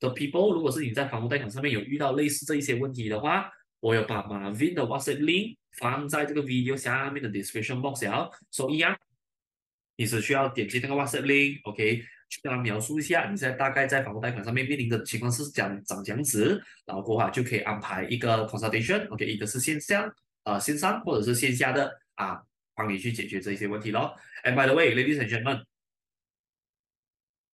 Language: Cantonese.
The people，如果是你在房屋貸款上面有遇到類似這一些問題的話，我有把 Marvin 的 WhatsApp link 放在這個 video 下面的 description box 入，所以啊，你只需要點擊那個 WhatsApp link，OK，、okay? 去跟佢描述一下，你現在大概在房屋貸款上面面臨的情況是講怎樣子，然後的話就可以安排一個 consultation，OK，、okay? 一個是線下，啊、呃、線上，或者是線下的，啊，幫你去解決這些問題咯。And by the way，ladies and gentlemen。